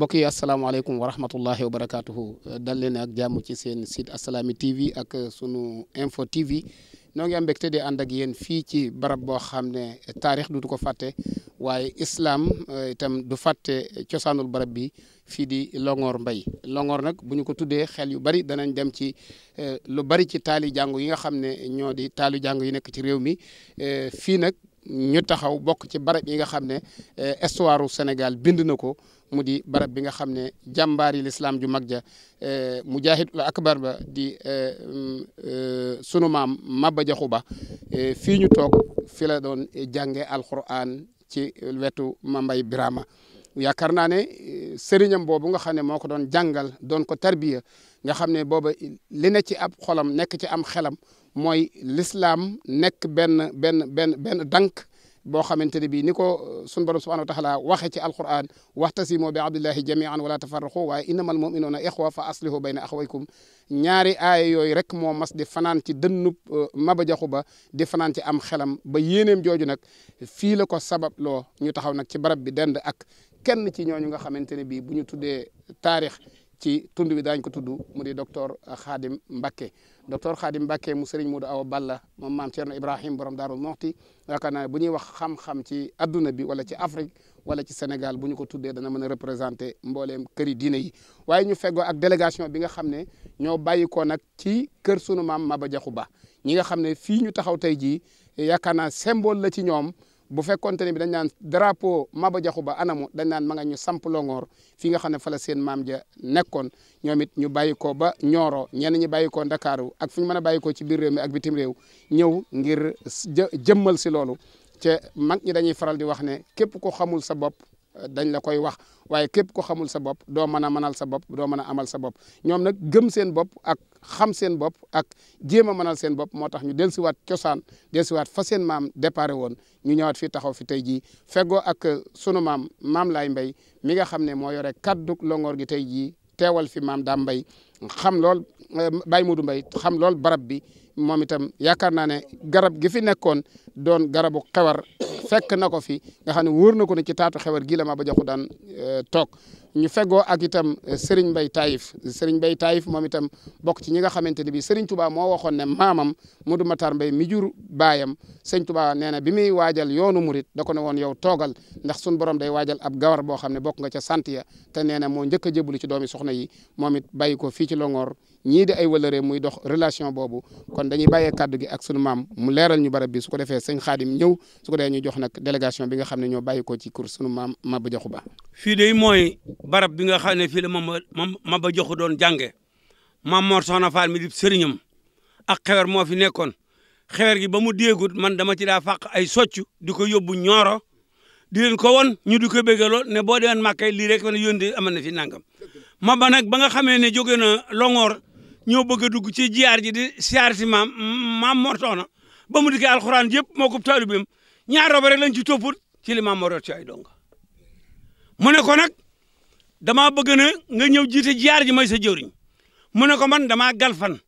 mbokk yi asalaamaaleykum wa rahmatullahi wa barakaatuhu dal leen ak jàmm ci seen sit Assalaamy TV ak sunu info TV noo ngi am mbégte di ànd ak yéen fii ci barab boo xam ne taarix du ko fàtte waaye islam eh, itam du fàtte cosaanul barab bi fii di Longhor Mbaye Longhor nag bu ñu ko tuddee xel yu bari danañ dem ci eh, lu bari ci taali jàngu yi nga xam ne ñoo di taali jàngu yi nekk ci réew mi eh, fii nag ñu taxaw bokk ci barab yi nga xam ne histoire u Sénégal bind na ko mu di barab bi nga xam ne jàmbaari lislaam ju mag ja eh, mujahidul akbar ba di eh, mm, eh, sunu maam Maba Jaxu Ba fii ñu toog fi la doon jànge alquran ci wetu Mambay Birama yaakaar naa ne sëriñam boobu nga xam ne moo ko doon jàngal doon ko tarbiya nga xam ne booba li ne ci ab xolam nekk ci am xelam mooy lislaam nekk benn benn benn benn dank boo xamante ne bii ni ko uh, sunu borom subhanahu wa taala waxee ci alquran waxtasimu bi abdillahi jamian wala tafarraqu waaye innamal muminuna ixwa fa aslihu bayna axwaykum ñaari aaya yooyu rek moo mas di fanaan ci dënnub uh, maba jaxu ba di fanaan ci am xelam ba yéeneem jooju nag fii la ko sabab loo ñu taxaw nag ci barab bi dend ak kenn ci ñooñu nga xamante ne bii bu ñu tuddee taarix ci tund bi daañu ko tudd mu di doctor Khadim Mbacke docteur Khadim Mbacke mu Serigne Modou Awa Balla moom maam Thierno Ibrahim borom Daarul Moxti yaakaar naa bu ñuy wax xam ci adduna bi wala ci Afrique wala ci Sénégal bu ñu ko tuddee dana mën a représenté mbooleem këri diine yi waaye ñu feggoo ak délégation bi nga xam ne ñoo bàyyikoo nag ci kër sunu maam Maba Jaxu Ba ñi nga xam ne fii ñu taxaw tey jii yaakaar naa symbole la ci ñoom bu fekkonte ne bi dañ naan drapeau Maba Jaxu Ba anamu dañ naan ma ñu samp fii nga xam ne fa seen maam ja nekkoon ñoom it ñu bàyyi ko ba ñooro ñenn ñi bàyyi ko ak fu ñu mën a bàyyi ci biir mi ak bitim réew ñëw ngir jëmmal si loolu te mag ñi dañuy faral di wax ne képp ko xamul sa bopp dañ la koy wax waaye képp ko xamul sa bopp doo mën a mënal sa bopp doo mën a amal sa bopp ñoom nag gëm seen bopp ak xam seen bopp ak jéem a mënal seen bopp moo tax ñu dellusiwaat cosaan dellusiwaat fa seen maam déparé woon ñu ñëwaat fii taxaw fi tey jii fego ak sunu maam maam laay mbay mi nga xam ne moo yore kaddu longoor gi tey jii teewal fi maam daam mbay xam lool eh, Baye Modou Mbay xam lool barab bi moom itam yaakaar naa ne garab gi fi nekkoon doon garabu xewar fekk na ko fi nga xam ne wóor na ko ne ci taatu xewar gii la ma ba joxu daan eh, toog ñu fegoo ak itam eh, Serigne Mbaye Taïf Serigne Mbaye moom itam bokk ci ñi nga xamante ne bii Serigne Touba moo waxoon ne maamam Modou Matar Mbaye mi jur baayam Serigne Touba nee na bi muy waajal yoonu murit da ko ne woon yow toogal ndax sun borom day waajal ab gawar boo xam ne bokk nga ca sant ya te nee na moo njëkk a jébbalu ci doomi soxna yi moom it bay ko fii ci Longoor ñii di ay wëlëree muy dox relation boobu kon dañuy bàyyee kàddu gi ak sunu maam mu leeral ñu barab bi su ko defee sëñ xaadim ñëw su ko defee ñu jox nag délégation bi nga xam ne ñoo bàyyi ko ci kur sunu maam Maba Jaxu Ba. fii de mooy barab bi nga xam ne fii la moom Maba Jaxu doon jànge maam Mor Soxna Fall mi sëriñam ak xewer moo fi nekkoon xewer gi ba mu déegut man dama ci daa fàq ay soccu di ko yóbbu ñooro di leen ko won ñu di ko béggaloo ne boo demee Màkka lii rek ma ne yónni amal na fi nangam ma nag ba nga xamee ne jóge na Longoor ñoo bëgg a dugg ci jiyaar ji di siyaar si maam maam Mor ba mu dikkee alxuraan yëpp moo ko taalibeem ñaar roba rek lañ ci toppul ci li maam Mor ci ay dong mu ne ko nag dama bëgg na nga ñëw jiite jiyaar ji may sa jëwriñ mu ne ko man damaa galfan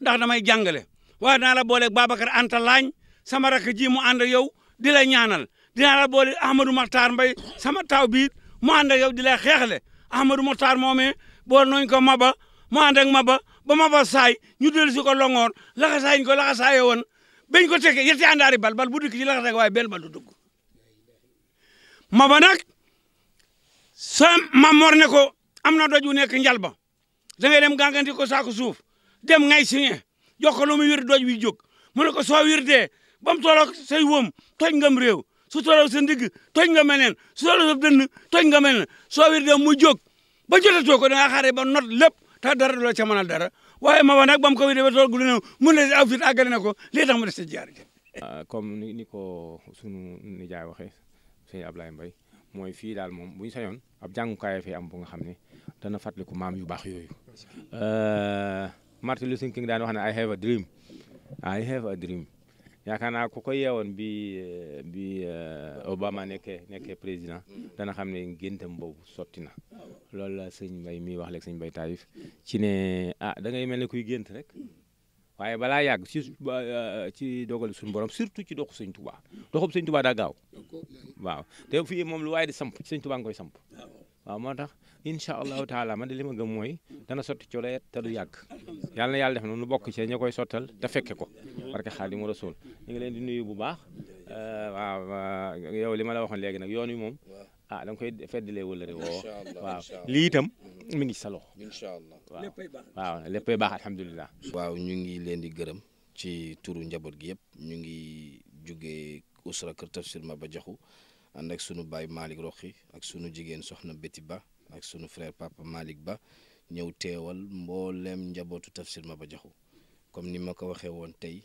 ndax damay jàngale waa dinaa la booleeg Babacar Anta Laañ sama rakk ji mu ànd yow di la ñaanal dinaa la boole Ahmadou Makhtar Mbaye sama taw bii mu ànd yow di la xeexale Ahmadou Makhtar moomee bool nañ ko Maba mu ànd ak Maba ba Maba saay ñu dellu si ko longoor laxasaayiñ ko laxasaaye woon bañ ko teg yetti àndaari bal bal bu dikk ci laxasaay waaye benn bal du Maba nag sa mamor ne ko am na doj wu nekk njal ba da ngay dem ko saako suuf dem ngay signé jox ko lu mu wir doj wi jóg mu ko so wir dee ba mu tolloog say toj ngam réew su tolloog sa toj nga meneen su tolloog sa nga meneen soo wir dee mu jóg ba jotatoo ko da nga ba not lépp te dara du la dara waaye Maba nag ba mu ko wéy ba tool gu ne mun na aw fit àggale na ko lii tax mu des jaar ji euh, comme ni ni ko sunu nijaay waxee sëñ Ablaye Mbaye mooy fii daal moom bu ñu sañoon ab jàngukaay fi am bu nga xam ne dana ko maam yu baax yooyu euh, Martin Luther King daan wax ne I have a dream I have a dream yaakaar naa ku ko yeewoon bi bi eh, Obama nekkee nekkee président dana xam ne géntam boobu sotti na loolu la sëñ Mbay mi wax léegi sëñ Mbay Taïf ci ne ah da ngay mel ne kuy gént rek waaye balaa yàgg eh, ci ci dogal suñu borom surtout ci doxu sëñ Tuubaa doxub sëñ Tuubaa daa gaaw waaw te fii moom lu waaye di samp ci sëñ Tuubaa nga koy samp waaw moo tax incha allah taala man de li ma gëm mooy dana sotti ci leet te du yàgg yàlla na yàlla def na nu bokk ci ña koy sottal te fekke ko barke Xaadimu Rasuul ñu ngi leen di nuyu bu baax euh, waaw yow li ma la waxoon léegi nag yoon wi moom ah da nga koy feddalee wala woo waaw lii itam mi ngi sa loxo incha allah waaw waaw léppay baax alhamdulilah ñu ngi leen di gërëm ci turu njaboot gi yëpp ñu ngi jugee usra kër tafsir Maba Jaxu ànd ak sunu baay Malick Roqi ak sunu jigéen soxna Béti Ba ak sunu frère papa Malick Ba ñëw teewal mboolem njabootu Tafsir Maba Jaxu comme ni ma ko waxee woon tey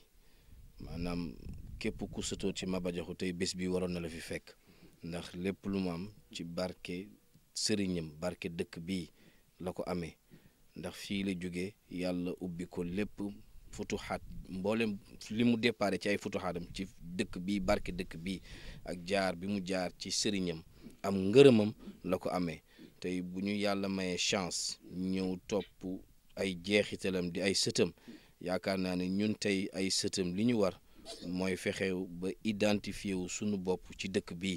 maanaam képp ku sëtoo ci Maba Jaxu tey bés bi waroon na la fi fekk ndax lépp lu mu am ci barke sëriñam barke dëkk bii la ko amee ndax fii la jóge yàlla ubbi ko lépp futuxaat mboolem li mu déparé ci ay futuxaatam ci dëkk bii barke dëkk bii ak jaar bi mu jaar ci sëriñam am ngërëmam la ko amee tey bu ñu yàlla mayee chance ñëw topp ay jeexitalam di ay sëtam yaakaar naa ne ñun tey ay sëtam li ñu war mooy fexe ba identifier wu sunu bopp ci dëkk bi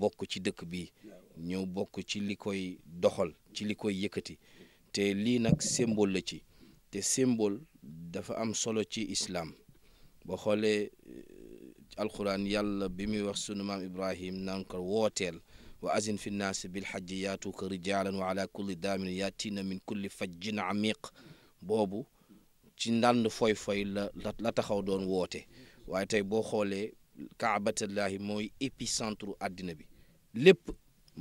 bokk ci dëkk bi ñëw bokk ci li koy doxal ci li koy yëkkati te lii nag symbole la ci te symbole dafa am solo ci islam boo xoolee eh, alxuraan yàlla bi muy wax sunu maam Ibrahim naan ko wooteel. wa azin fi nnaasi bilxajji yaatuuka rijaalan wa ala kulli daamin yaatiina min kulli fajjin amiq boobu ci ndànd foy foy la la taxaw doon woote waaye tey boo xoolee kaabatallaahi mooy épicentre àddina bi lépp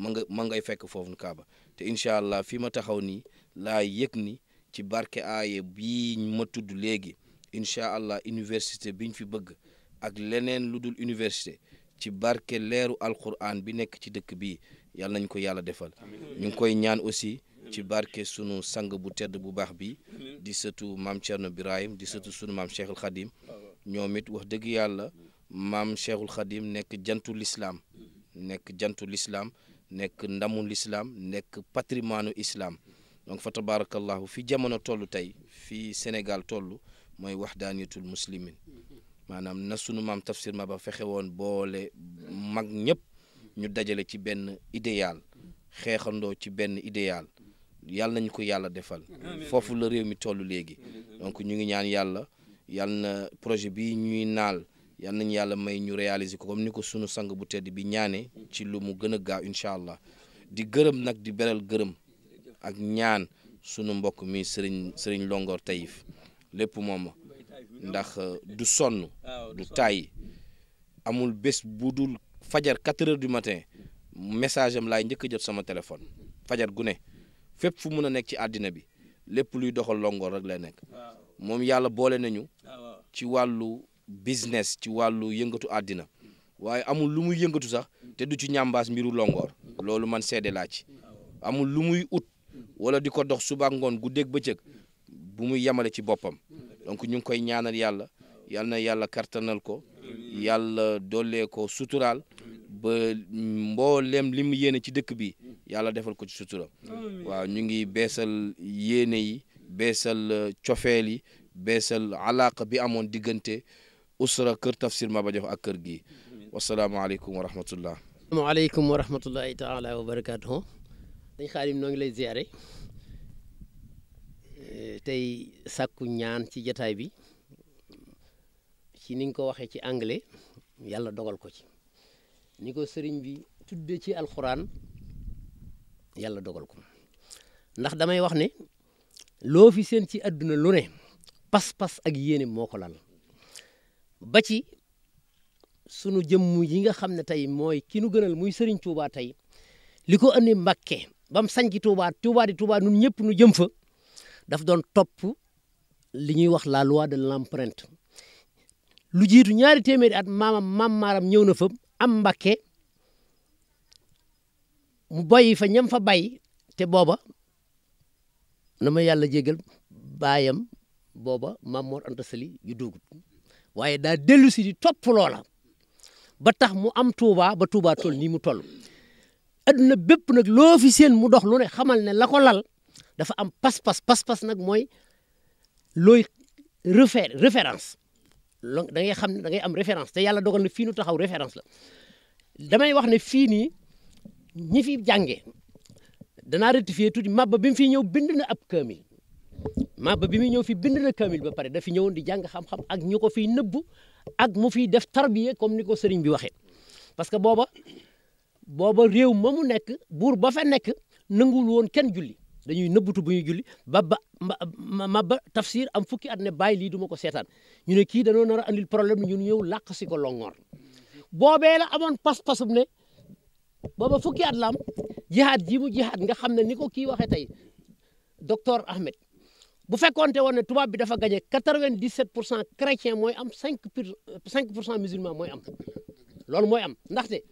ma nga ma ngay fekk foofu kaaba te incha allah fi ma taxaw nii laa yëg ni ci barke aaye bii ma tudd léegi incha allah université biñ fi bëgg ak leneen lu dul université ci barke leeru alquran bi nekk ci dëkk bi yàlla nañ ko yàlla defal ñu ngi koy ñaan aussi ci barke sunu sang bu tedd bu baax bi di sëtu maam Thierno Birahim di sëtu sunu maam Cheikhul Khadim ñoom it wax dëgg yàlla maam Cheikhul Khadim nekk jantu lislaam nekk jantu l'islam nekk ndamu lislaam nekk patrimoine islam donc fa tabarakallahu fi jamono tollu tey fii Sénégal toll mooy waxdaaniyatul muslimin maanaam na sunu maam tafsir ma ba fexe woon boole mag ñëpp ñu dajale ci benn idéal xeexandoo ci benn idéal yàlla nañu ko yàlla defal foofu la réew mi toll léegi donc ñu ngi ñaan yàlla yàlla na projet bi ñuy naal yàlla nañu yàlla may ñu réaliser ko comme ni ko sunu sang bu tedd bi ñaanee ci lu mu gën a gaaw incha allah di gërëm nag di beral gërëm ak ñaan sunu mbokk mi sëriñ sëriñ Longoor Taïf lépp moom ndax euh, du sonn ah, du tàyyi amul bés bu dul fajar 4 heures du matin message am laay njëkk a jot sama téléphone fajar gu ne fépp fu mun a nekk ci àddina bi lépp luy doxal Longoor rek lay nekk ah, moom yàlla boole nañu ah, ci wàllu business ci wàllu yëngatu àddina waaye amul lu muy yëngatu sax te du ci ñambaas mbiru Longoor loolu man seede laa ci amul lu muy ut wala di ko dox suba ngoon gu dégg bëccëg bu mu yemale ci boppam donc ñu ngi koy ñaanal yàlla yàlla na yàlla kartanal ko yàlla doolee ko suturaal ba mboolem li mu ci dëkk bi yàlla defal ko ci sutura waaw ñu ngi beesal yéene yi beesal euh, cofeel yi beesal alaqa bi amoon diggante usra kër Tafsir Maba Diaw ak kër gi wasalaamaaleykum wa rahmatullah. waaleykum wa rahmatullahi taala xaalim noo ngi lay ziare. Eh, tey sakku ñaan ci jataay bi ci ni ko waxee ci anglais yàlla dogal ko ci ni ko sëriñ bi tudde ci alxuraan yàlla dogal ko ndax damay wax ne loo fi seen ci àdduna lu ne pas-pas ak yéene moo ko lal ba ci sunu jëm mu yi nga xam ne tey mooy kii nu gënal muy sëriñ Touba tey li ko andi Mbàkke bam sañ ci Touba Touba di Touba nun ñëpp nu jëm fa daf doon topp li ñuy wax la de l'empreinte lu jiitu ñaari téeméeri at maamam maam maaram ñëw na fa am mbakke mu boyi fa ñam fa bay te booba na ma yàlla jégal baayam booba maam Mor Anta Sali yu dugub waaye daa dellu di topp loola ba tax mu am tuuba ba Touba toll nii mu toll adduna bépp nag loo fi seen mu dox lu ne xamal ne la ko lal dafa am pas-pas pas-pas nag mooy looy refaire référence donc da ngay xam ne da ngay am référence te yàlla dogal na fii nu taxaw référence la damay wax ne fii nii ñi fi jàngee danaa rectifier tuuti mabba bi mu fi ñëw bind na ab kaamil mabba bi mu ñëw fi bind na kaamil ba pare dafi ñëwoon di jàng xam-xam ak ñu ko fiy nëbbu ak mu fiy def tarbiye comme ni ko sëriñ bi waxee parce que booba booba réew ma mu nekk buur ba fa nekk nanguwul woon kenn julli dañuy nëbbutu bu ñuy julli ba ba mabba tafsir am fukki at ne bàyyi lii duma ko seetaan ñu ne kii danoo nar a andil problème ñun ñëw làq si ko longoor boobee la amoon pas-pasum ne booba fukki at la am jihaad ji mu jihaad nga xam ne ni ko kii waxee tey docteur Ahmed bu fekkoonte woon ne tubaab bi dafa gagné quatre-vingt-dix-sept pour cent chrétien mooy am cinq pour cinq pour cent musulman mooy am loolu mooy am ndaxte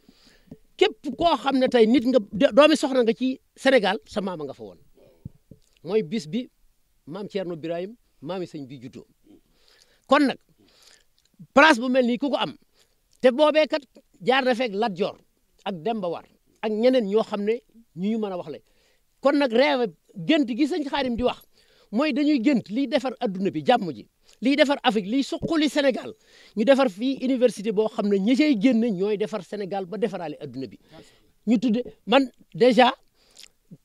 képp koo xam ne tey nit nga doomi soxna nga ci Sénégal sa maama nga fa woon mooy bis bi maam Thierno Birahim maami sëñ bi juddoo kon nag place bu mel ni kuko am te boobee kat jaar na fekk Lat Joor ak Demba War ak ñeneen ñoo xam ne ñu ñu mën a wax le kon nag réew gént gi sëñ Xaadim di wax mooy dañuy gént liy defar adduna bi jàmm ji liy defar Afrique liy li Sénégal ñu defar fii université boo xam ne ñi cay génn ñooy defar Sénégal ba defaraale adduna bi ñu tudde man déjà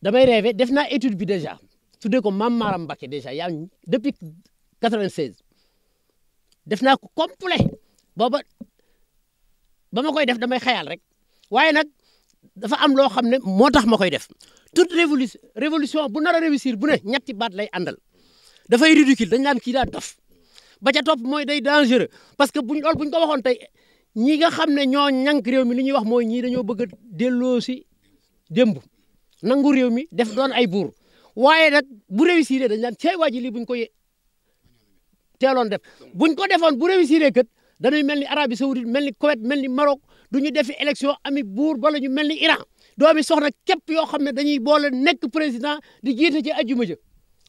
damay rêvé def naa étude bi déjà tuddee ko maam maara Mbacke dèjà yaa depuis 96 def naa ko complet booba ba ma koy def damay xayal rek waaye nag dafa am loo xam ne moo tax ma koy def toute révolution révolution bu nar a réussir bu ne ñetti baat lay àndal dafay ridicule dañ naan kii daa dof ba ca topp mooy day dangereux parce que buñ loolu buñ ko waxoon tey ñi nga xam ne ñoo ñànk réew mi li ñuy wax mooy ñii dañoo bëgg a delloo si démb nangu réew mi def doon ay buur waaye nag bu réussir dañ naan cey waa ji lii buñ ko teeloon def buñ ko defoon bu réussir kat dañuy mel ni Arabie Saoudite mel ni Koweït mel ni Maroc du ñu defi élection ami buur bala ñu mel ni Iran doomi soxna képp yoo xam ne dañuy boole nekk président di jiite ci ajjuma ja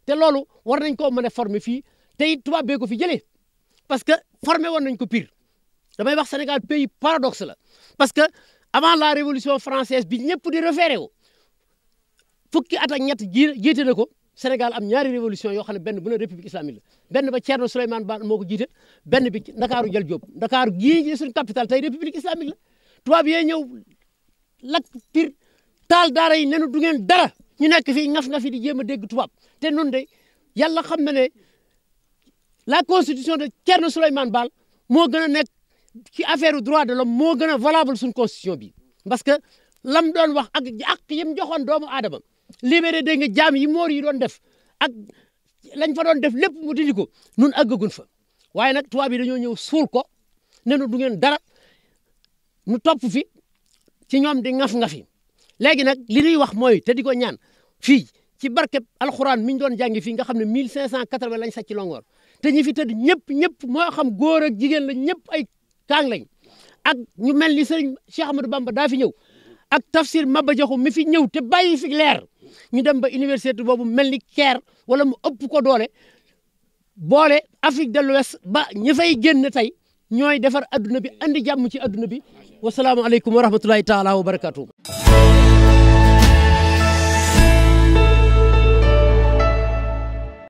te loolu war nañ ko mën a former fii te it tubaab bee ko fi jëlee parce que former woon nañ ko pire damay wax Sénégal pays paradoxe la parce que avant la révolution française bi ñëpp di référé wu fukki at ak ñett ji jiite na ko Sénégal am ñaari révolution yoo xam ne benn bu ne république islamique la benn ba Thierno Souleymane Ba moo ko jiite benn bi Ndakaaru jël Jóob Ndakaaru gii ji suñu capital tey république islamique la tubaab yee ñëw lakk pir taal daara yi nenu du ngeen dara ñu nekk fii ngaf ngaf yi di jéem a dégg tubaab te nun de yàlla xam na ne la constitution de Thierno Souleymane Baal moo gën a nekk ci affaire droit de l'homme moo gën a valable suñu constitution bi parce que lam doon wax ak ak yim joxoon doomu aadama libéré dégg nga jaam yi moor yi doon def ak lañ fa doon def lépp mu dindi ko nun àggagun fa waaye nag tubaab yi dañoo ñëw suul ko ne nu du ngeen dara nu topp fi ci ñoom di ŋaf ŋafi léegi nag li ñuy wax mooy te di ko ñaan fii ci barkeb alxuraan mi ñu doon jàngi fi nga xam ne 1580 lañ sàcc longoor te ñi fi tëdd ñëpp ñëpp moo xam góor ak jigéen la ñëpp ay kaang lañ ak ñu mel ni sëriñ Cheikh Ahmadou Bamba daa fi ñëw ak tafsir Maba Jaxu mi fi ñëw te bàyyi fi leer ñu dem ba université boobu mel ni Caire wala mu ëpp ko doole boole Afrique de l'Ouest ba ñi fay génn tey ñooy defar adduna bi andi jàmm ci adduna bi wasalaamualeykum wa rahmatulahi taala wa